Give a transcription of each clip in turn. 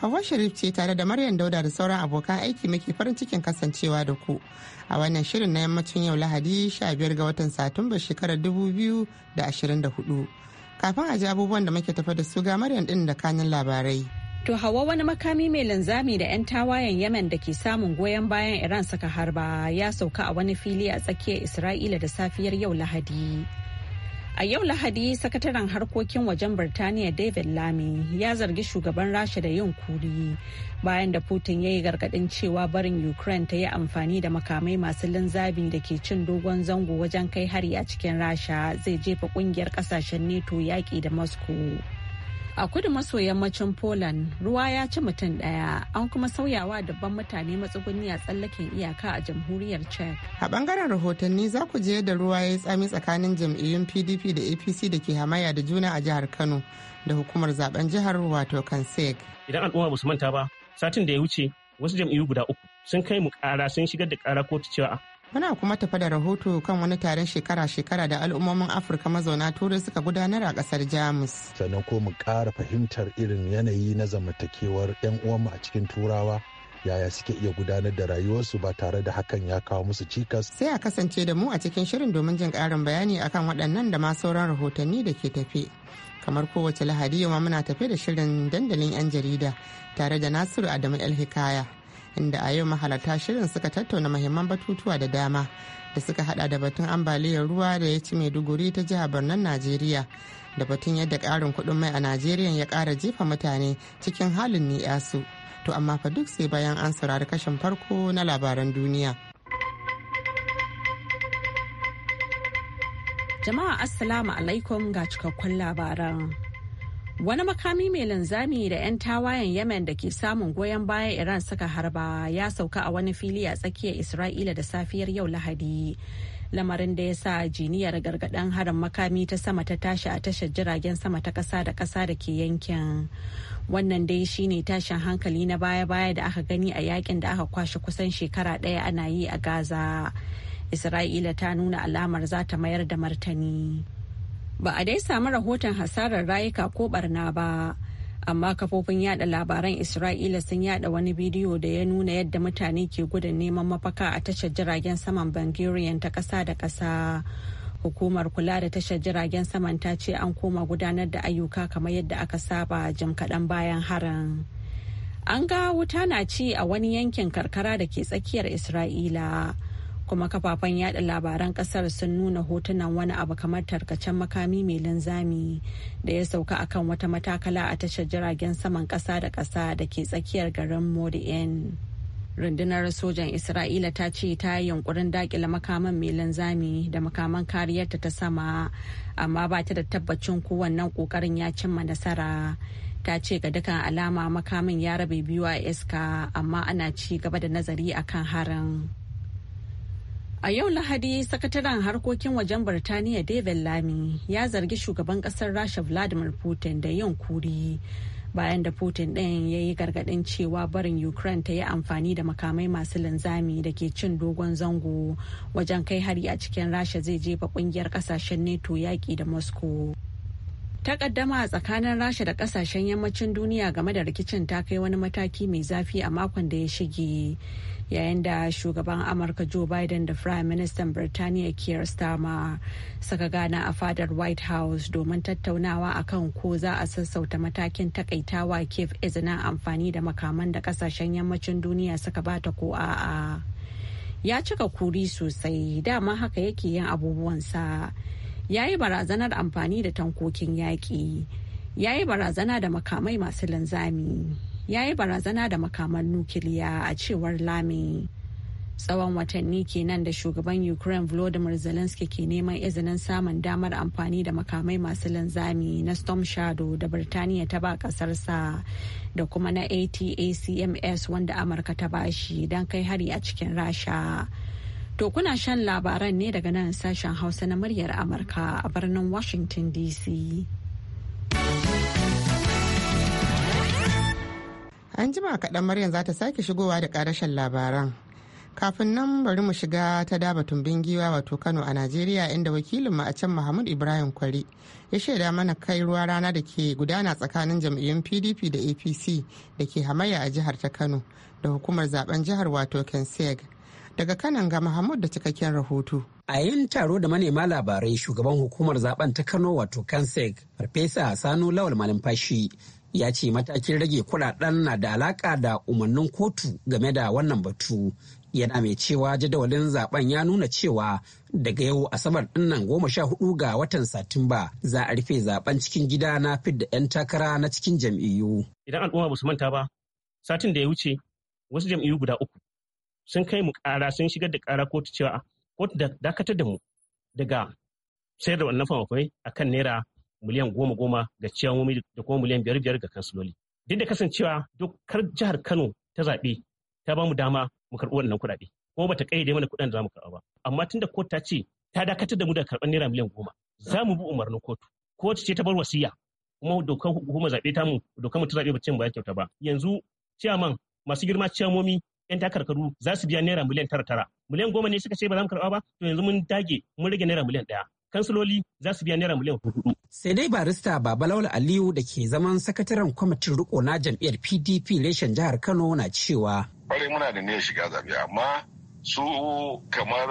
hawan Sharif ce tare da Maryam Dauda da sauran abokan aiki muke farin cikin kasancewa da ku a wannan shirin na yammacin yau Lahadi 15 ga watan Satumba shekarar 2024. Kafin a ji abubuwan da muke tafa da su ga Maryam din da kanin labarai. To hawa wani makami mai linzami da 'yan tawayen Yemen da ke samun goyon bayan Iran saka harba ya sauka a wani fili a tsakiyar Isra'ila da safiyar yau Lahadi. A yau Lahadi, sakataren harkokin wajen Birtaniya David Lamy ya zargi shugaban Rasha da yin kuri bayan da Putin ya yi gargadin cewa barin Ukraine ta yi amfani da makamai masu linzami da ke cin dogon zango wajen kai hari a cikin Rasha zai jefa kungiyar kasashen NATO yaƙi da Moscow. A kudu maso yammacin Poland ruwa ya ci mutum ɗaya an kuma sauyawa dabban mutane matsuguni a tsallaken iyaka a jamhuriyar Czech. A bangaren rahotanni za ku je da ruwa ya yi tsami tsakanin jam'iyyun PDP da APC da ke hamaya da juna a jihar Kano da hukumar zaben jihar wato Kansek. Idan al'umma musu manta ba satin da ya wuce wasu jam'iyyu guda uku sun kai mu kara sun shigar da kara kotu cewa Muna kuma tafa da rahoto kan wani taron shekara-shekara da al'ummomin Afirka mazauna Turai suka gudanar a kasar Jamus. Sannan ko mu ƙara fahimtar irin yanayi na zamantakewar 'yan uwanmu a cikin Turawa yaya suke iya gudanar da rayuwarsu ba tare da hakan ya kawo musu cikas. Sai a kasance da mu a cikin shirin domin jin ƙarin bayani akan waɗannan da ma sauran rahotanni da ke tafe. Kamar kowace lahadi yau muna tafe da shirin dandalin 'yan jarida tare da Nasiru Adamu El Hikaya. inda a yau mahalarta shirin suka tattauna mahimman batutuwa da dama da suka hada da batun ambaliyar ruwa da ya ci maiduguri ta jihar birnin Najeriya da batun yadda karin kudin mai a Najeriya ya kara jefa mutane cikin halin yasu To amma fa duk sai bayan an saurari kashin farko na labaran duniya. Jama'a Assalamu alaikum ga cikakkun labaran. Wani makami mai linzami da 'yan tawayen Yemen da ke samun goyon bayan Iran suka harba ya sauka a wani fili a tsakiyar Isra'ila da safiyar yau Lahadi. Lamarin da ya sa jiniyar gargaɗin harin makami ta sama ta tashi a tashar jiragen sama ta ƙasa da ƙasa da ke yankin. Wannan dai shine tashin hankali na baya-baya da aka gani a yakin da aka kwashe kusan shekara ɗaya ana yi a Gaza. Isra'ila ta nuna alamar za ta mayar da martani. ba a dai samu rahoton hasarar rayuka ko barna ba amma kafofin yada labaran isra'ila sun yada wani bidiyo da ya nuna yadda mutane ke gudun neman mafaka a tashar jiragen saman bangarian ta kasa da kasa hukumar kula da tashar jiragen saman ta ce an koma gudanar da ayyuka kamar yadda aka saba jim kaɗan bayan harin an ga wuta na ci a wani yankin karkara da ke tsakiyar isra'ila kuma kafafen yada labaran kasar sun nuna hotunan wani abu kamar tarkacen makami mai linzami da ya sauka akan wata matakala a tashar jiragen saman kasa da kasa da ke tsakiyar garin Modin. rundunar sojan isra'ila ta ce ta yi yunkurin dakila makaman mai linzami da makaman kariyarta ta sama amma ba ta da tabbacin kowannen kokarin ya cimma nasara ta ce ga dukkan alama makamin ya rabe biyu a iska amma ana ci gaba da nazari akan harin A yau Lahadi, sakataren harkokin wajen Birtaniya David Lamy ya zargi shugaban kasar Rasha Vladimir Putin da yin kuri. Bayan da Putin ɗin ya yi gargaɗin cewa barin Ukraine ta yi amfani da makamai masu linzami da ke cin dogon zango wajen kai hari a cikin Rasha zai jefa ƙungiyar ƙasashen NATO yaƙi da Moscow. takaddama a tsakanin rasha da ƙasashen yammacin duniya game da rikicin ta kai wani mataki mai zafi a makon da ya shige yayin da shugaban amurka joe biden da prime minister birtaniya keir starmer suka gana a fadar white house domin tattaunawa akan ko za a sassauta matakin takaitawa kiev izina amfani da makaman da kasashen yammacin duniya suka bata ko a'a ya cika kuri sosai dama haka yake yin abubuwansa ya yi barazanar amfani da tankokin yaƙi ya yi barazana da makamai masu linzami ya yi barazana da makaman nukiliya a cewar lami tsawon watanni kenan da shugaban ukraine volodymyr zelensky ke neman izinin samun damar amfani da makamai masu linzami na storm shadow da birtaniya ta ba kasarsa da kuma na atacms wanda amurka ta bashi don kai hari a cikin rasha to kuna shan labaran ne daga nan sashen hausa na muryar amurka a birnin washington dc an jima kaɗan maryam za ta sake shigowa da ƙarashen labaran kafin nan bari mu shiga ta daba tumbin giwa wato kano a najeriya inda wakilinmu a can mahmud ibrahim kwari ya shaida mana kai ruwa rana da ke gudana tsakanin jam'iyyun pdp da apc da ke hamayya a jihar ta kano da hukumar zaben jihar wato kenseg daga kanan ga mahmud da cikakken rahoto a yin taro da manema labarai shugaban hukumar zaben ta kano wato kanseg farfesa sanu lawal malumfashi ya ce matakin rage kuɗaɗen na da alaƙa da umarnin kotu game da wannan batu yana mai cewa jadawalin zaben ya nuna cewa daga yau asabar dinnan goma sha hudu ga watan satumba za a rufe zaben cikin gida na da 'yan takara na cikin jam'iyyu idan al'umma ba su manta ba satin da ya wuce wasu jam'iyyu guda uku sun kai mu kara sun shigar da kara kotu cewa kotu da dakatar da mu daga sayar da wannan famafai akan naira miliyan goma goma ga ciyawomi da kuma miliyan biyar biyar ga kansiloli duk da kasancewa dokar jihar kano ta zaɓe ta bamu dama mu karɓi wannan kuɗaɗe ko bata ƙayyade mana kuɗin da zamu karɓa ba amma tunda kotu ta ce ta dakatar da mu da karɓar naira miliyan goma za mu bi umarnin kotu kotu ce ta bar wasiya kuma dokar hukumar zaɓe ta mu dokar mu ta zaɓe ba ce mu ba kyauta ba yanzu ciyaman masu girma ciyamomi yan takarkaru za su biya naira miliyan tara tara miliyan goma ne suka ce ba za mu karɓa ba to yanzu mun dage mun rage naira miliyan ɗaya kansiloli za su biya naira miliyan hudu. Sai dai barista Babalawal Aliyu da ke zaman sakataren kwamitin riko na jam'iyyar PDP reshen jihar Kano na cewa. Kwarai muna da niyyar shiga zaɓe amma su kamar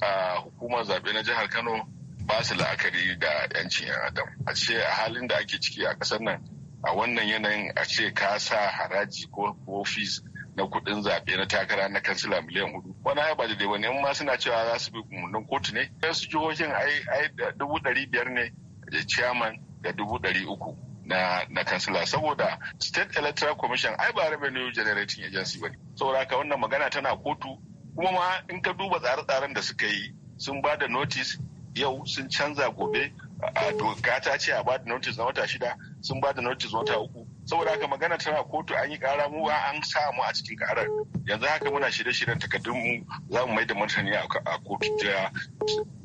a hukumar zaɓe na jihar Kano ba su la'akari da 'yancin 'yan adam. A ce a halin da ake ciki a ƙasar nan a wannan yanayin a ce ka sa haraji ko ofis. na kuɗin zaɓe na takara na kansila miliyan hudu wani ai ba daidai ba ne ma suna cewa za su bi umarnin kotu ne yan su jihohin ai dubu ɗari biyar ne da ciyaman da dubu ɗari uku na na kansila saboda state electoral commission ai ba revenue generating agency ba ne saboda haka wannan magana tana kotu kuma ma in ka duba tsare-tsaren da suka yi sun ba da notice yau sun canza gobe a doka ta ce a ba da notice na wata shida sun ba da notice wata uku saboda haka magana tana kotu an yi kara mu an sa mu a cikin karar yanzu haka muna shirye-shiryen takardun mu za mu mai da martani a kotu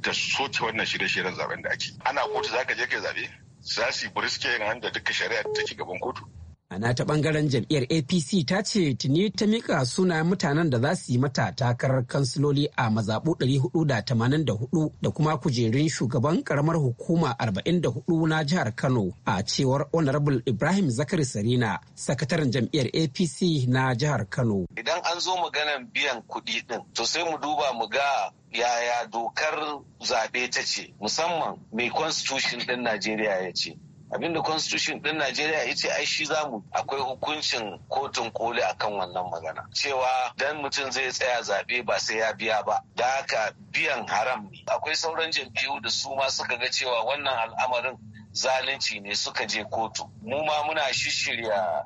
ta soke wannan shirye-shiryen zaben da ake ana kotu za ka je kai zabe za su yi buriske da duka shari'a ta ci gaban kotu a nata bangaren jam'iyyar apc ta ce tuni ta mika suna mutanen da za su yi mata takarar kansiloli a mazaɓu 484 da kuma kujerun shugaban karamar hukuma 44 na jihar kano a cewar honorable ibrahim zakari sarina sakataren jam'iyyar apc na jihar kano idan an zo maganan biyan kuɗi ɗin, to sai mu duba mu ga yaya dokar zaɓe ta ce musamman mai constitution ɗin najeriya ya ce abinda constitution din najeriya ya ce ai shi zamu akwai hukuncin kotun koli akan wannan magana cewa dan mutum zai tsaya zaɓe ba sai ya biya ba da haka biyan haram ne akwai sauran jam'iyyu da su ma suka ga cewa wannan al'amarin zalunci ne suka je kotu mu ma muna shishirya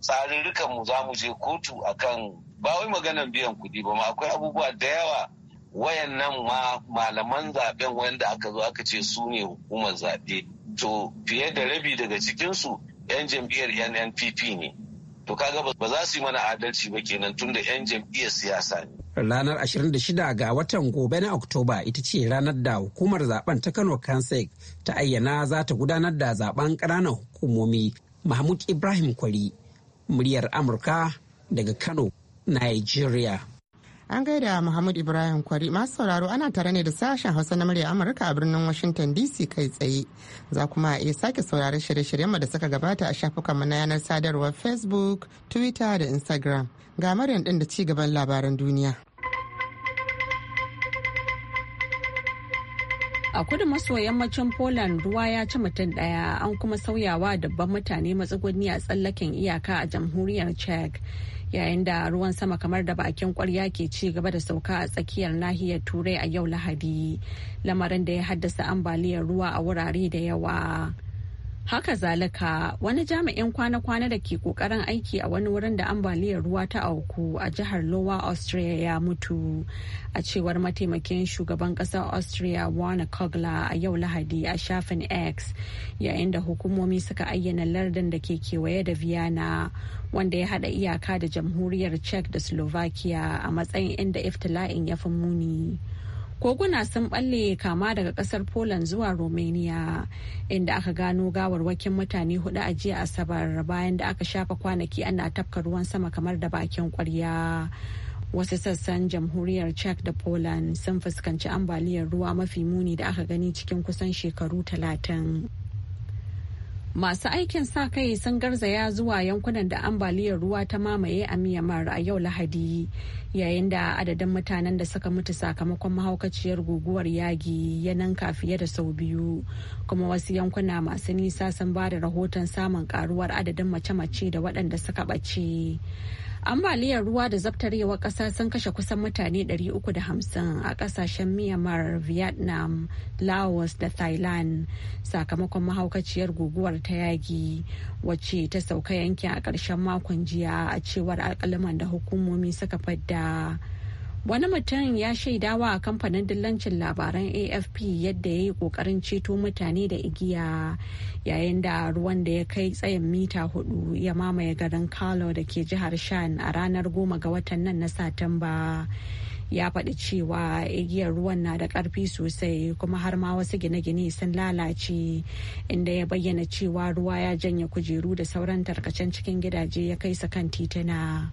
tsarurrukan mu za mu je kotu akan ba wai maganan biyan kuɗi ba ma akwai abubuwa da yawa wayannan ma malaman zaben wanda aka zo aka ce su ne hukumar zaɓe to fiye da rabi daga cikinsu 'yan jam'iyyar nnpp ne to kaga ba za su yi mana adalci ba kenan tun da 'yan jam'iyyar siyasa ne ranar 26 ga watan gobe na oktoba ita ce ranar da hukumar zaben ta kano kansec ta ayyana za ta gudanar da zaben ƙananan hukumomi mahmud ibrahim kwari muryar amurka daga kano nigeria An gaida Muhammad Ibrahim Kwari masu sauraro ana tare ne da sashen Hausa na murya Amurka a birnin Washington DC kai tsaye. Za kuma a iya sake sauraron shirye-shiryen da suka gabata a shafukanmu na yanar sadarwar Facebook, Twitter da Instagram. Ga Maryam din da ci gaban labaran duniya. a kudu maso yammacin poland ruwa ya ci mutum daya an kuma sauyawa dabban mutane matsugunni a tsallaken iyaka a jamhuriyar czech yayin da ruwan sama kamar da bakin kwarya ke ci gaba da sauka a tsakiyar nahiyar turai a yau lahadi lamarin da ya haddasa ambaliyar ruwa a wurare da yawa Haka zalika wani jami'in kwana-kwana da ke kokarin aiki a wani wurin da ambaliyar ruwa ta auku a jihar lowa Austria ya mutu a cewar mataimakin shugaban ƙasar Austria Warner Kogla a yau Lahadi a shafin X yayin da hukumomi suka ayyana lardin da ke kewaye da Vienna wanda ya hada iyaka da jamhuriyar Czech da Slovakia a matsayin inda iftila'in ya fi muni. koguna sun balle kama daga kasar poland zuwa romania inda aka gano gawarwakin mutane hudu a jiya asabar bayan da aka shafa kwanaki ana tafka ruwan sama kamar da bakin kwarya wasu sassan jamhuriyar czech da poland sun fuskanci ambaliyar ruwa mafi muni da aka gani cikin kusan shekaru talatin Masu aikin sa kai sun garzaya zuwa yankunan da ambaliyar ruwa ta mamaye a Myanmar a yau Lahadi, yayin da adadin mutanen da suka mutu sakamakon mahaukaciyar guguwar yagi ya ninka fiye da sau biyu, kuma wasu yankuna masu nisa sun ba da rahoton samun karuwar adadin mace-mace da waɗanda suka ɓace. ambaliyar ruwa da zabtarewar ƙasa sun kashe kusan mutane 350 a ƙasashen myanmar vietnam laos da thailand sakamakon mahaukaciyar guguwar ta yagi wacce ta sauka yankin a ƙarshen makon jiya a cewar alkalaman da hukumomi suka fadda. wani mutum ya shaidawa a kamfanin dillancin labaran afp yadda ya yi kokarin ceto mutane da igiya yayin da ruwan da ya kai tsayin mita hudu ya mamaye garin kalo da ke jihar shan a ranar goma ga watan nan na satumba ya faɗi cewa igiyar ruwan na da ƙarfi sosai kuma har ma wasu gine-gine sun lalace inda ya bayyana cewa ruwa ya janye kujeru da sauran tarkacen cikin gidaje ya kai su kan titina.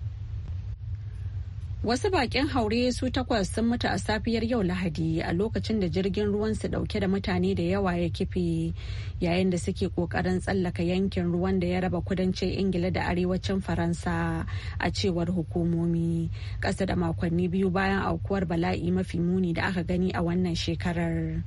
Wasu bakin haure su takwas sun mutu a safiyar yau Lahadi a lokacin da jirgin ruwan su dauke da mutane da yawa ya kife yayin da suke kokarin tsallaka yankin ruwan da ya raba kudancin Ingila da arewacin Faransa a cewar hukumomi. Ƙasa da makonni biyu bayan aukuwar bala'i mafi muni da aka gani a wannan shekarar.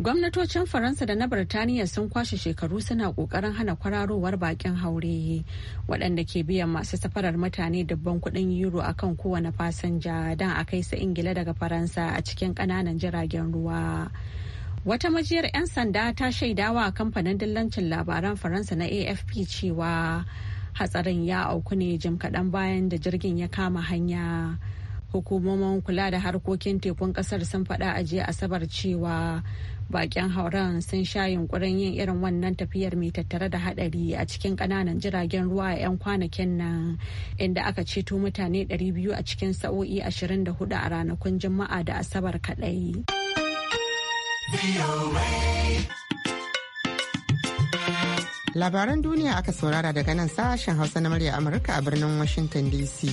Gwamnatocin Faransa da na Birtaniya sun kwashe shekaru suna ƙoƙarin hana kwararowar bakin haure waɗanda ke biyan masu safarar mutane dubban kuɗin euro a kan kowane fasinja don a kai su Ingila daga Faransa a cikin ƙananan jiragen ruwa. Wata majiyar 'yan sanda ta shaidawa a kamfanin dillancin labaran Faransa na AFP cewa hatsarin ya auku ne jim kaɗan bayan da jirgin ya kama hanya. Hukumomin kula da harkokin tekun ƙasar sun faɗa a jiya Asabar cewa bakin hauran sun sha yunkurin yin irin wannan tafiyar mai tattare da hadari a cikin kananan jiragen ruwa a 'yan kwanakin nan inda aka ceto mutane 200 a cikin sa'o'i 24 a ranakun juma'a da asabar kadai. Labaran duniya aka saurara daga nan sashen Hausa na murya Amurka a birnin Washington DC.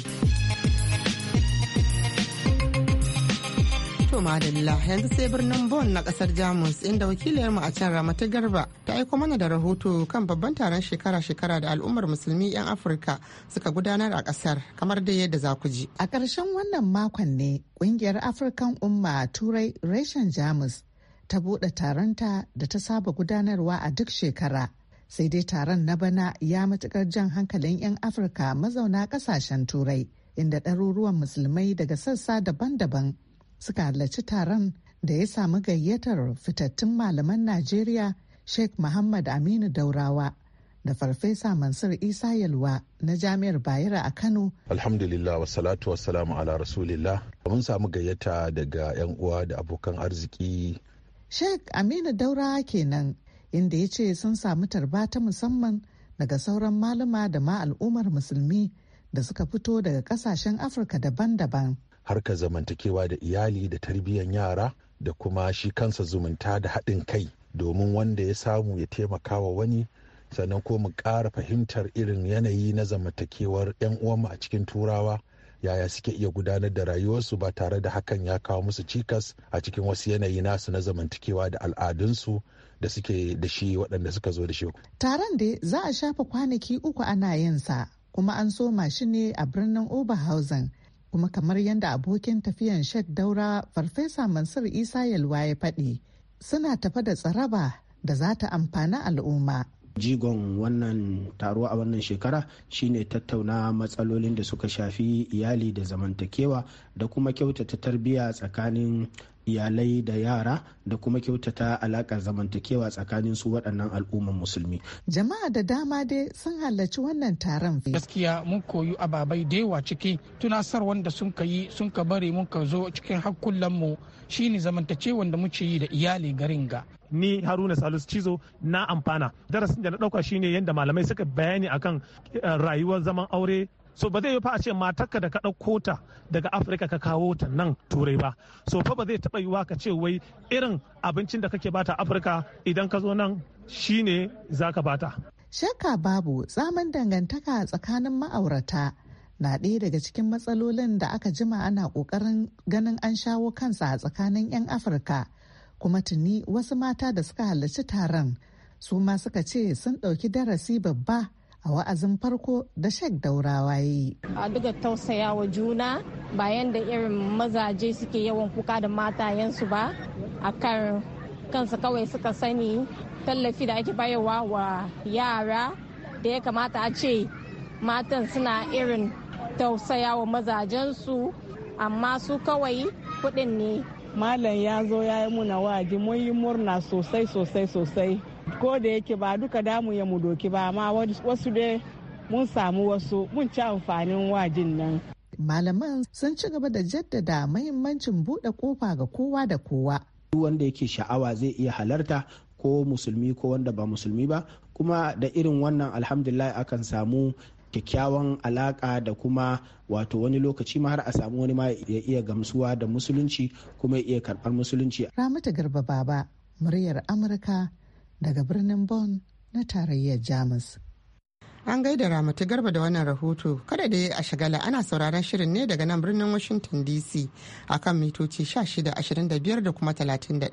To madalla yanzu sai birnin Bonn na kasar Jamus inda wakilinmu a can rama ta Garba ta aiko mana da rahoto kan babban taron shekara-shekara da al'ummar musulmi 'yan Afirka suka gudanar a kasar kamar da yadda za ku ji. A ƙarshen wannan makon ne ƙungiyar Afirkan Umma Turai reshen Jamus ta buɗe taronta da ta saba gudanarwa a duk shekara. Sai dai taron na bana ya matuƙar jan hankalin 'yan Afirka mazauna ƙasashen Turai inda ɗaruruwan musulmai daga sassa daban-daban suka halarci taron da ya samu gayyatar fitattun malaman Najeriya Sheikh Muhammad Aminu Daurawa da Farfesa Mansur Isa Yalwa na Jami'ar Bayero a Kano. Alhamdulillah salatu wassalamu ala Rasulillah. Mun samu gayyata daga 'yan uwa da abokan arziki. Sheikh Aminu Daurawa kenan inda ya ce sun samu tarba ta musamman daga sauran malama da ma al'ummar musulmi da suka fito daga kasashen Afirka daban-daban. harkar zamantakewa da iyali da tarbiyyar yara da kuma shi kansa zumunta da haɗin kai domin wanda ya samu ya taimaka wa wani sannan ko mu ƙara fahimtar irin yanayi na zamantakewar 'yan uwanmu a cikin turawa yaya suke iya gudanar da rayuwarsu ba tare da hakan ya kawo musu cikas a cikin wasu yanayi nasu na zamantakewa da al'adunsu da suke da shi waɗanda suka zo da shi. Taron da za a shafa kwanaki uku ana yinsa kuma an soma shi ne a birnin Oberhausen kuma kamar yadda abokin tafiyan shek daura farfesa mansur isa yalwa ya faɗi suna tafa da tsaraba da za ta amfani al'umma jigon wannan taro a wannan shekara shine tattauna matsalolin da suka shafi iyali da zamantakewa da kuma kyautata tarbiyya tsakanin iyalai da yara da kuma kyautata alakar zamantakewa tsakanin su waɗannan al'umman musulmi. Jama'a da dama dai sun halarci wannan taron. Gaskiya mun koyi ababai da yawa ciki tunasar wanda sun ka yi sun ka bari mun ka zo cikin hakkullan mu shine zamantakewan da muke yi da iyali garin ga. ni haruna salisu cizo na amfana darasin da na dauka shine yadda malamai suka bayani akan eh, rayuwar zaman aure so ba zai yi fa a ce matarka da ka ɗauko ta daga afirka ka kawo ta nan turai ba so fa ba zai taɓa yiwa ka ce wai irin abincin da kake bata afirka idan ka zo nan shine za ka bata shakka babu tsaman dangantaka tsakanin ma'aurata na ɗaya daga cikin matsalolin da aka jima ana ƙoƙarin ganin an shawo kansa a tsakanin 'yan afirka kuma tuni wasu mata da suka halarci taron su ma suka ce sun ɗauki darasi babba a wa'azin farko da shek daurawa yi. A duka wa juna bayan da irin mazaje suke yawan kuka da matayensu ba a kan kansa kawai suka sani tallafi da ake bayarwa wa yara da ya kamata a ce matan suna irin tausaya wa mazajensu amma su kawai kudin ne. Malam ya zo ya yi muna wa'adi mun yi murna sosai sosai sosai. ko da yake ba duka damu ya mu doki ba amma wasu dai mun samu wasu mun ci amfanin wajin nan malaman sun ci gaba da jaddada mahimmancin buɗe kofa ga kowa da kowa duk wanda yake sha'awa zai iya halarta ko musulmi ko wanda ba musulmi ba kuma da irin wannan alhamdulillah akan samu kyakkyawan alaka da kuma wato wani lokaci ma har a samu wani ma ya iya gamsuwa da musulunci kuma ya iya karbar musulunci ramata garba baba muryar amurka daga birnin Bonn na tarayyar Jamus. An gaida Ramatu Garba da wannan rahoto kada da a shagala ana sauraron shirin ne daga nan birnin Washington DC akan mitoci 1625 da kuma 31.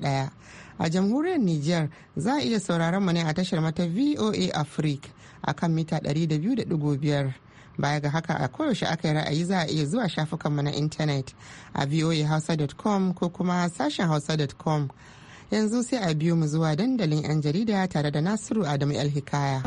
A jamhuriyar Nijar za a iya sauraron mu ne a tashar mata VOA Africa akan mita 200.5. Baya ga haka a koyaushe aka yi ra'ayi za a iya zuwa shafukanmu na intanet a voahausa.com ko kuma sashen hausa.com yanzu sai a biyo mu zuwa dandalin 'yan jarida tare da nasiru adamu el hikaya.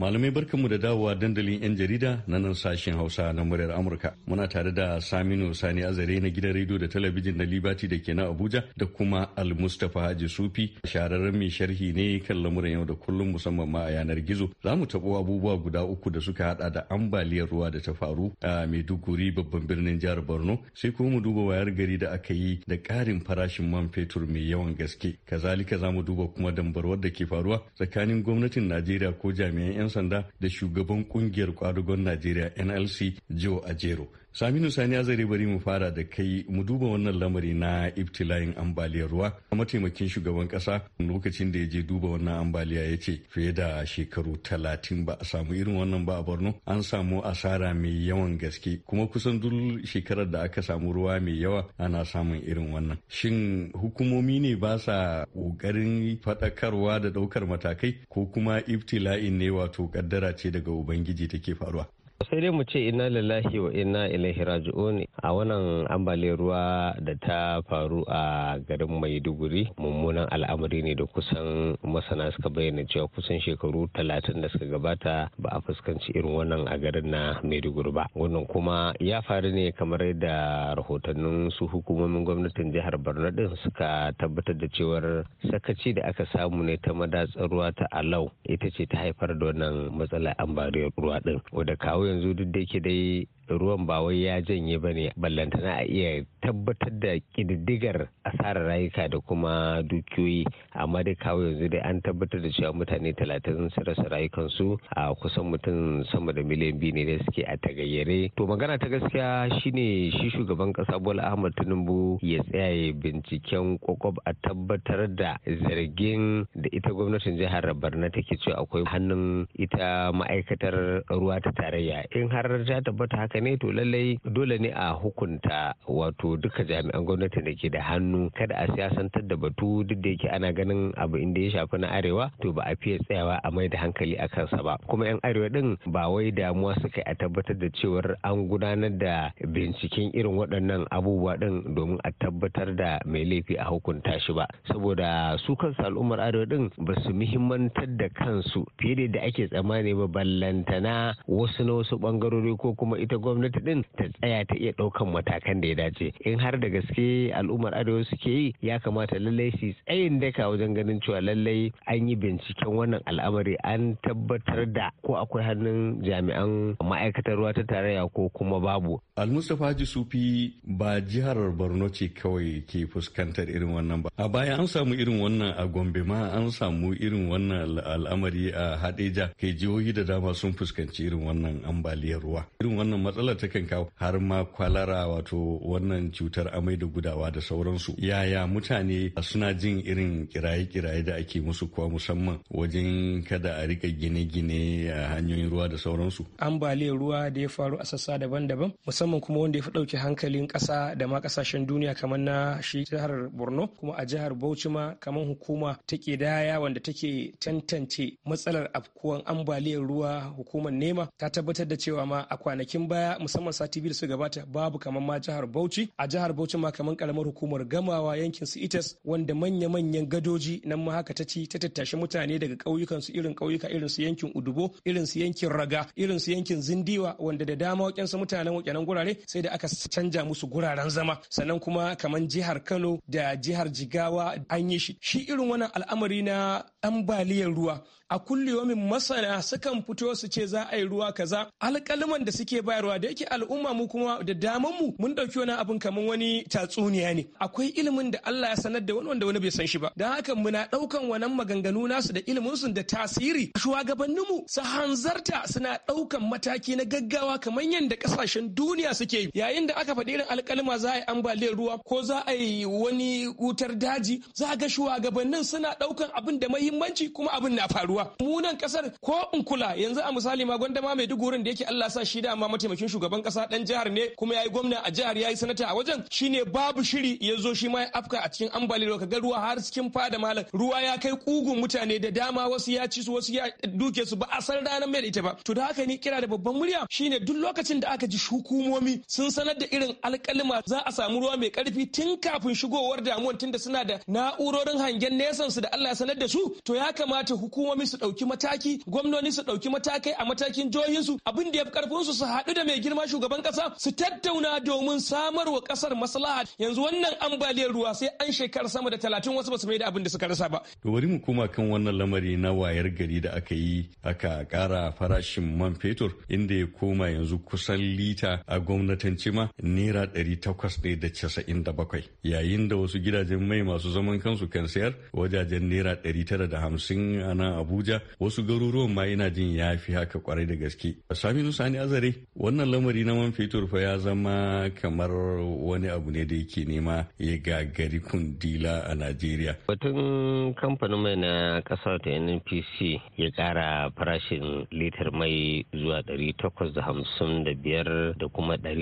Malamai barkanmu da dawowa dandalin 'yan jarida na nan sashen Hausa na muryar Amurka. Muna tare da Saminu Sani Azare na gidan rediyo da talabijin na libati da ke na Abuja da kuma Al Mustapha Haji Sufi shahararren mai sharhi ne kan lamuran yau da kullum musamman ma a yanar gizo. Za mu taɓo abubuwa guda uku da suka haɗa da ambaliyar ruwa da ta faru a Maiduguri babban birnin jihar Borno sai kuma mu duba wayar gari da aka yi da ƙarin farashin man fetur mai yawan gaske. Kazalika za mu duba kuma dambarwar da ke faruwa tsakanin gwamnatin Najeriya ko jami'an 'yan 'yan sanda da shugaban kungiyar kwadugon Najeriya NLC Joe Ajero Saminu Sani ya zare bari mu fara da kai mu duba wannan lamari na ibtila'in ambaliyar ruwa. Mataimakin shugaban kasa lokacin da ya je duba wannan ambaliya ya ce fiye da shekaru talatin ba a samu irin wannan ba a Borno an samu asara mai yawan gaske kuma kusan duk shekarar da aka samu ruwa mai yawa ana samun irin wannan. Shin hukumomi ne ba sa ƙoƙarin faɗakarwa da ɗaukar matakai ko kuma ibtila'in ne wato ƙaddara ce daga Ubangiji take faruwa. sai dai mu ce ina lillahi wa ina ilaihi raji'un a wannan ambaliyar ruwa da ta faru a garin maiduguri mummunan al'amari ne da kusan masana suka bayyana cewa kusan shekaru talatin da suka gabata ba a fuskanci irin wannan a garin na maiduguri ba wannan kuma ya faru ne kamar yadda rahotannin su hukumomin gwamnatin jihar borno din suka tabbatar da cewar sakaci da aka samu ne ta madatsar ruwa ta alau ita ce ta haifar da wannan matsalar ambaliyar ruwa din wadda kawo yanzu duk da yake dai ruwan ba wai ya janye ba ne ballantana a iya tabbatar da ƙididdigar asarar rayuka da kuma dukiyoyi amma dai kawo yanzu dai an tabbatar da cewa mutane talatin sun rasa rayukansu a kusan mutum sama da miliyan biyu ne da suke a tagayyare to magana ta gaskiya shine shi shugaban ƙasa bola ahmad tinubu ya tsaya binciken kwakwab a tabbatar da zargin da ita gwamnatin jihar barna take cewa akwai hannun ita ma'aikatar ruwa ta tarayya in har ta tabbata haka ne to lallai dole ne a hukunta wato duka jami'an gwamnati da ke da hannu kada a siyasantar da batu duk da yake ana ganin abu inda ya shafi na arewa to ba a fiye tsayawa a mai da hankali a kansa ba kuma yan arewa din ba wai damuwa suka a tabbatar da cewar an gudanar da binciken irin waɗannan abubuwa din domin a tabbatar da mai laifi a hukunta shi ba saboda su kansu al'ummar arewa din ba su muhimmantar da kansu fiye da ake tsammani ba ballantana wasu na wasu bangarori ko kuma ita gwamnati gwamnati din ta tsaya ta iya ɗaukan matakan da ya dace in har da gaske al'ummar arewa suke yi ya kamata lallai su tsayin daka wajen ganin cewa lallai an yi binciken wannan al'amari an tabbatar da ko akwai hannun jami'an ma'aikatar ruwa ta tarayya ko kuma babu almustapha haji sufi ba jihar borno ce kawai ke fuskantar irin wannan ba a baya an samu irin wannan a gombe ma an samu irin wannan al'amari a hadeja kai jihohi da dama sun fuskanci irin wannan ambaliyar ruwa irin wannan matsalar takan kawo har ma kwalara wato wannan cutar amai da gudawa da sauransu yaya mutane suna jin irin kiraye-kiraye da ake musu kuwa musamman wajen kada a rika gine-gine a hanyoyin ruwa da sauransu ambaliyar ruwa da ya faru a sassa daban-daban musamman kuma wanda ya fi dauke hankalin ƙasa da ma kasashen duniya kamar na shi jihar borno kuma a jihar bauchi ma kamar hukuma ta daya wanda take tantance matsalar afkuwan ambaliyar ruwa hukumar nema ta tabbatar da cewa ma a kwanakin baya baya musamman sati biyu da suka gabata babu kamar ma jihar Bauchi a jihar Bauchi ma kamar karamar hukumar Gamawa yankin su Itas wanda manya-manyan gadoji nan ma haka ta ci ta tattashi mutane daga ƙauyukan su irin ƙauyuka irin su yankin Udubo irin su yankin Raga irin su yankin Zindiwa wanda da dama su mutanen wakenan gurare sai da aka canja musu guraren zama sannan kuma kamar jihar Kano da jihar Jigawa an yi shi shi irin wannan al'amari na ambaliyar ruwa a kulle min masana sukan fito su ce za a yi ruwa kaza alƙaliman da suke bayarwa da yake al'umma mu kuma da daman mu mun ɗauki wani abin kamar wani tatsuniya ne akwai ilimin da Allah ya sanar da wani wanda wani bai san shi ba dan haka muna ɗaukan wannan maganganu nasu da ilimin su da tasiri shugabannin mu su hanzarta suna ɗaukan mataki na gaggawa kamar yadda kasashen duniya suke yi yayin da aka faɗi irin alƙalima za a yi ambaliyar ruwa ko za a yi wani wutar daji za ga shugabannin suna ɗaukan abin da mahimmanci kuma abin na faruwa rayuwa mu nan kasar ko in kula yanzu a misali ma gwanda ma Maidugurin da yake Allah sa shi da ma mataimakin shugaban kasa dan jihar ne kuma yayi gwamna a jihar yayi sanata a wajen shine babu shiri yazo zo shi ma ya afka a cikin ambaliyar ga ruwa har cikin fada malam ruwa ya kai kugun mutane da dama wasu ya ci su wasu ya duke su ba a san ranar mai da ita ba to da haka ni kira da babban murya shine duk lokacin da aka ji hukumomi sun sanar da irin alkalima za a samu ruwa mai karfi tun kafin shigowar damuwar tunda suna da na'urorin hangen nesansu da Allah ya sanar da su to ya kamata hukumomi su ɗauki mataki gwamnoni su ɗauki matakai a matakin jihohinsu abin da ya fi karfin su su haɗu da mai girma shugaban ƙasa su tattauna domin samar wa ƙasar maslaha yanzu wannan ambaliyar ruwa sai an shekara sama da talatin wasu basu mai da abin da suka rasa ba. To bari mu koma kan wannan lamari na wayar gari da aka yi aka ƙara farashin man fetur inda ya koma yanzu kusan lita a gwamnatance ma naira ɗari takwas ɗaya da casa'in da bakwai yayin da wasu gidajen mai masu zaman kansu kan sayar wajajen naira ɗari tara da hamsin a nan abuja abuja wasu garuruwan ma ina jin ya fi haka kwarai da gaske saminu sani azare wannan lamari na man fetur fa ya zama kamar wani abu ne da yake nema ya gagari kundila a najeriya batun kamfanin mai na kasar ta nnpc ya kara farashin litar mai zuwa 855 da kuma da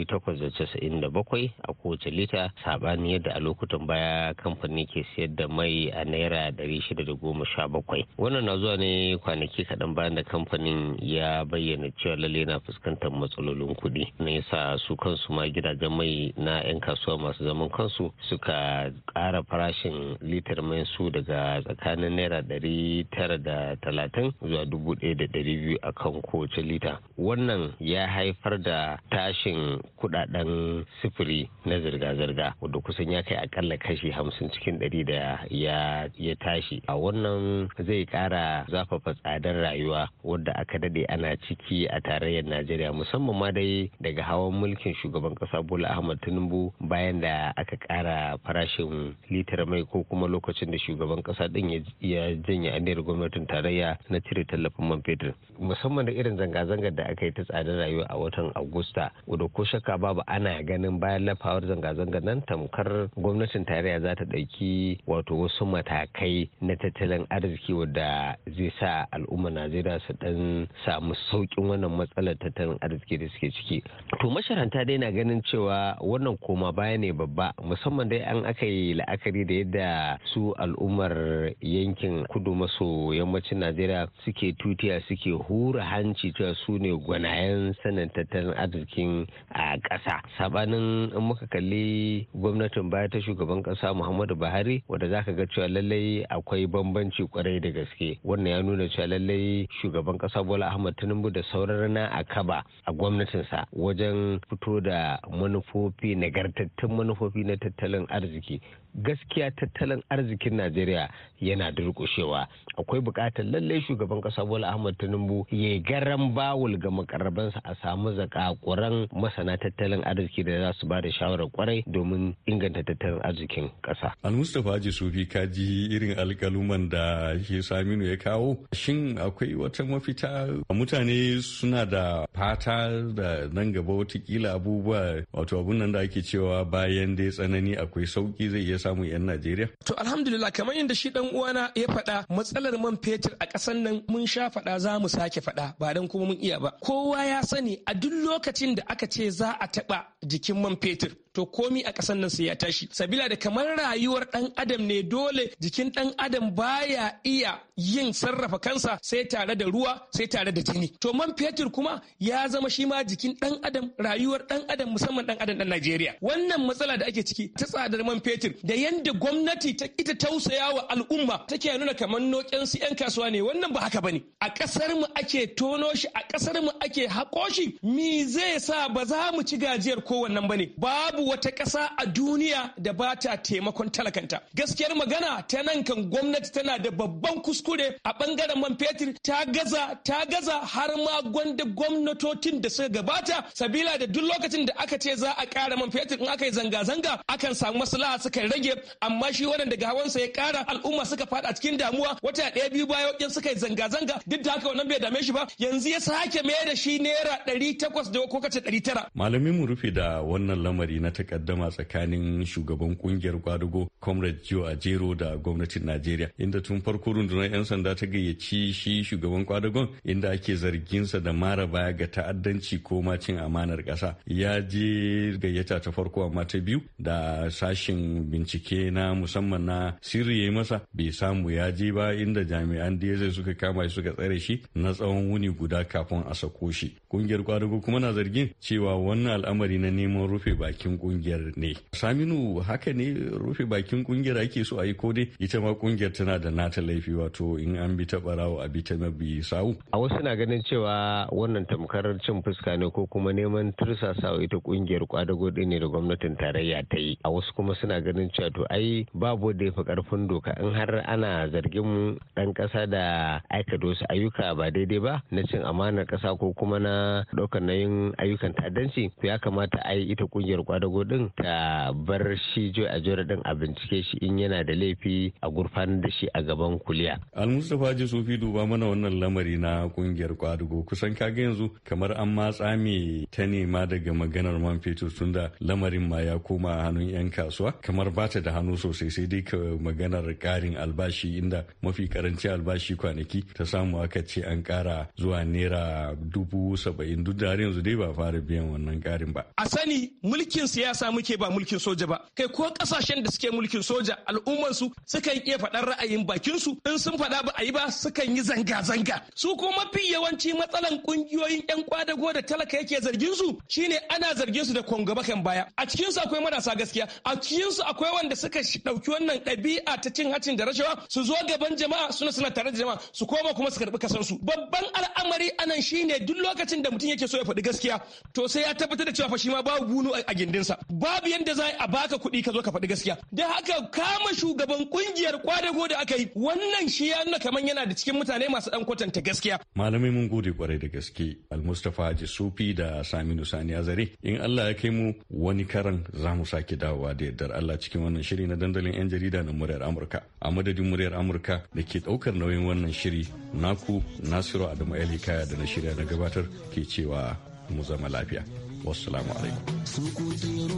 bakwai a kowace lita saɓani yadda a lokutan baya kamfanin ke sayar da mai a naira sha 617 wannan na zuwa ne ne kwanaki kaɗan bayan da kamfanin ya bayyana cewa lalle na fuskantar matsalolin kuɗi na yasa su kansu ma gidajen mai na 'yan kasuwa masu zaman kansu suka ƙara farashin litar mai su daga tsakanin naira ɗari tara da talatin zuwa dubu ɗaya da ɗari biyu a kan kowace lita wannan ya haifar da tashin kuɗaɗen sifiri na zirga-zirga wanda kusan ya kai akalla kashi hamsin cikin ɗari da ya tashi a wannan zai ƙara zafafa tsadar rayuwa wadda aka dade ana ciki a tarayyar najeriya musamman ma dai daga hawan mulkin shugaban kasa bola ahmad tinubu bayan da aka kara farashin litar mai ko kuma lokacin da shugaban kasa din ya janye aniyar gwamnatin tarayya na cire tallafin man fetur musamman da irin zanga-zangar da aka yi ta tsadar rayuwa a watan agusta wadda ko shakka babu ana ganin bayan lafawar zanga-zangar nan tamkar gwamnatin tarayya za ta ɗauki wato wasu matakai na tattalin arziki wadda zai sa al'ummar najeriya su dan samu saukin wannan matsalar tattalin arziki da suke ciki to masharanta dai na ganin cewa wannan koma baya ne babba musamman dai an aka yi la'akari da yadda su al'ummar yankin kudu maso yammacin najeriya suke tutiya suke hura hanci cewa su ne gwanayen sanin tattalin arzikin a ƙasa sabanin in muka kalli gwamnatin baya ta shugaban ƙasa muhammadu buhari wadda za ka ga cewa lallai akwai bambanci kwarai da gaske wannan ne ya nuna cewa lallai shugaban kasa bola ahmad tinubu da sauran na a kaba a gwamnatinsa wajen fito da manufofi nagartattun manufofi na tattalin arziki gaskiya tattalin arzikin najeriya yana durƙushewa akwai buƙatar lallai shugaban kasa bola ahmad tinubu ya garan bawul ga makarabansa a samu zakakuran masana tattalin arziki da za su ba da shawarar kwarai domin inganta tattalin arzikin ƙasa. al mustapha ji sufi kaji irin alkaluman da shi saminu ya kawo kawo shin akwai wata mafita mutane suna da fata da nan gaba watakila abubuwa wato abun nan da ake cewa bayan dai tsanani akwai sauki zai iya samun 'yan najeriya to alhamdulillah kamar yadda shi dan uwana ya faɗa matsalar man fetur a ƙasan nan mun sha faɗa za mu sake faɗa ba dan kuma mun iya ba kowa ya sani a duk lokacin da aka ce za a taɓa jikin man fetur to komi a ƙasar nan sai ya tashi sabila da kamar rayuwar ɗan adam ne dole jikin ɗan adam baya iya yin sarrafa kansa sai tare da ruwa sai tare da jini to man fetur kuma ya zama shi ma jikin ɗan adam rayuwar ɗan adam musamman ɗan adam ɗan Najeriya wannan matsala da ake ciki ta tsadar man fetur da yanda gwamnati ta ita tausaya wa al'umma take nuna kamar noken su 'yan kasuwa ne wannan ba haka bane a ƙasar mu ake tono shi a ƙasar mu ake haƙo shi me zai sa ba za mu ci gajiyar kowannan bane babu wata ƙasa a duniya da ba ta taimakon talakanta gaskiyar magana ta nan kan gwamnati tana da babban kuskure a bangaren man fetur ta gaza ta gaza har ma gwanda gwamnatocin da suka gabata sabila da duk lokacin da aka ce za a ƙara man fetur in aka yi zanga-zanga akan samu maslaha suka rage amma shi wannan daga hawansa ya ƙara al'umma suka faɗa cikin damuwa wata ɗaya biyu baya wajen suka yi zanga-zanga duk da haka wannan bai dame shi ba yanzu ya sake mayar da shi naira ɗari takwas da ko kace ɗari tara. malamin mu rufe da wannan lamari na takaddama tsakanin shugaban kungiyar kwadugo comrade joe ajero da gwamnatin najeriya inda tun farko rundunar 'yan sanda ta gayyaci shi shugaban kwadugon inda ake zarginsa da mara baya ga ta'addanci ko ma cin amanar ƙasa ya je gayyata ta farko amma ta biyu da sashin bincike na musamman na sirri ya masa bai samu ya je ba inda jami'an da suka kama shi suka tsare shi na tsawon wuni guda kafin a sako shi kungiyar kwadugo kuma na zargin cewa wannan al'amari na neman rufe bakin kungiyar ne saminu haka ne rufe bakin kungiyar ake so a yi ko dai ita ma kungiyar tana da nata laifi wato in an bi ta barawo a bi ta na bi sawu a wasu na ganin cewa wannan tamkar cin fuska ne ko kuma neman tursasa ita kungiyar kwadago din ne da gwamnatin tarayya ta yi a wasu kuma suna ganin cewa to ai babu da ya karfin doka in har ana zargin mu dan kasa da aikata wasu ayyuka ba daidai ba na cin amanar kasa ko kuma na daukar nayin ayyukan ta'addanci to ya kamata a ai ita kungiyar kwadago dago din ta bar shi jo a jore din a bincike shi in yana da laifi a gurfan da shi a gaban kuliya almustapha ji sufi duba mana wannan lamari na kungiyar kwadago kusan kaga yanzu kamar an matsa me ta nema daga maganar man fetur tunda lamarin ma ya koma hannun yan kasuwa kamar ba ta da hannu sosai sai dai ka maganar karin albashi inda mafi karanci albashi kwanaki ta samu aka ce an kara zuwa naira dubu saba'in duk da har yanzu dai ba fara biyan wannan karin ba a sani mulkin siyasa muke ba mulkin soja ba kai ko kasashen da suke mulkin soja al'umman su sukan iya faɗar ra'ayin bakin su in sun faɗa ba a yi ba sukan yi zanga zanga su ko mafi yawanci matsalan kungiyoyin yan kwadago da talaka yake zargin su shine ana zargin su da kwangaba kan baya a cikin su akwai marasa gaskiya a cikin su akwai wanda suka ɗauki wannan ɗabi'a ta cin hacin da rashawa su zo gaban jama'a suna suna tare da jama'a su koma kuma su karbi kasan su babban al'amari anan shine duk lokacin da mutum yake so ya faɗi gaskiya to sai ya tabbatar da cewa fa shi ma babu gunu a gindin sa babu yanda za a baka kuɗi ka zo ka faɗi gaskiya da haka kama shugaban kungiyar kwadago da aka yi wannan shi ya nuna kamar yana da cikin mutane masu ɗan kwatanta gaskiya malamai mun gode kwarai da gaske almustafa sufi da saminu sani azare in allah ya kai mu wani karan za mu sake dawowa da yardar allah cikin wannan shiri na dandalin yan jarida na muryar amurka a madadin muryar amurka da ke ɗaukar nauyin wannan shiri naku nasiru adamu kaya da na shirya na gabatar ke cewa mu zama lafiya wassalamu alaikum sukuti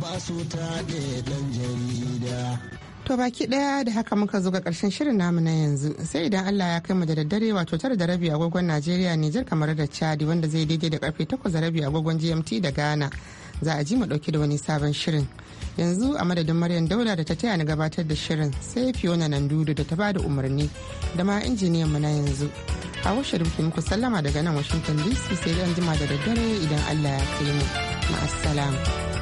ba su ta ɗan jarida To baki daya da haka muka zo ga karshen shirin namu na yanzu sai idan Allah ya kai mu da daddare wato tara da rabi agogon Najeriya Nijar kamar da Chadi wanda zai daidai da karfe takwas da rabi agogon GMT da Ghana za a ji mu dauke da wani sabon shirin. yanzu a madadin maryam dauda da ta taya ni gabatar da shirin sai fiona nandudu da ta bada umarni da ma injiniyan mu na yanzu a washe rufe muku sallama daga nan washington dc sai zan jima da daddare idan allah ya kai mu ma'assalam